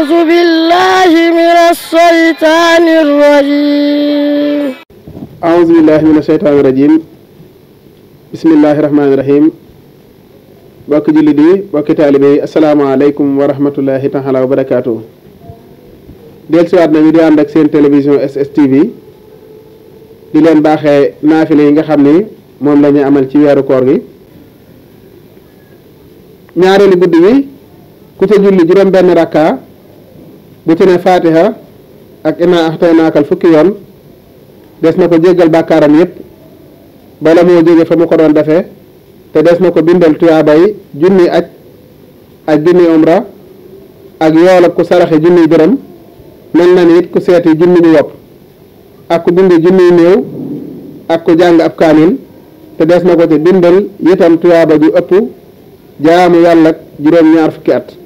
أعوذ بالله من الشيطان الرجيم أعوذ بالله من الشيطان الرجيم بسم الله الرحمن الرحيم bokk jullit yi bokki taalibe yi asalaamaaleykum wa rahmatullahi taala wa barakaatu dellusiwaat nañu di ànd ak seen télévision SSTV di leen baaxee naafile yi nga xam ni moom lañuy ñuy amal ci weeru koor gi ñaareelu guddi gi ku ca julli juróom benn rakka bu ci ne fatiha ak inna axtaynaakal fukki yoon des na ko jéggal bàkkaaram yépp bala moo jóge fa mu ko doon defee te des na ko bindal tuyaabay junni aj ak junni umra ak yoolab ku saraxe junniy dërëm mel na ni it ku seeti junni ñu wopp ak ku bindi junniy néew ak ku jàng ab kaamil te des na ko ci bindal yitam tuyaaba ju ëpp jaamu yàlla juróom-ñaar fukki at